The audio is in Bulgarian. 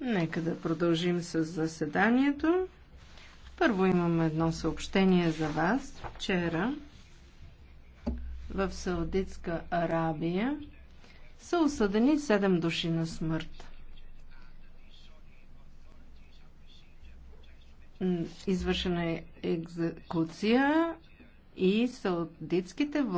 Нека да продължим с заседанието. Първо имам едно съобщение за вас. Вчера в Саудитска Арабия са осъдени 7 души на смърт. Извършена е екзекуция и саудитските власти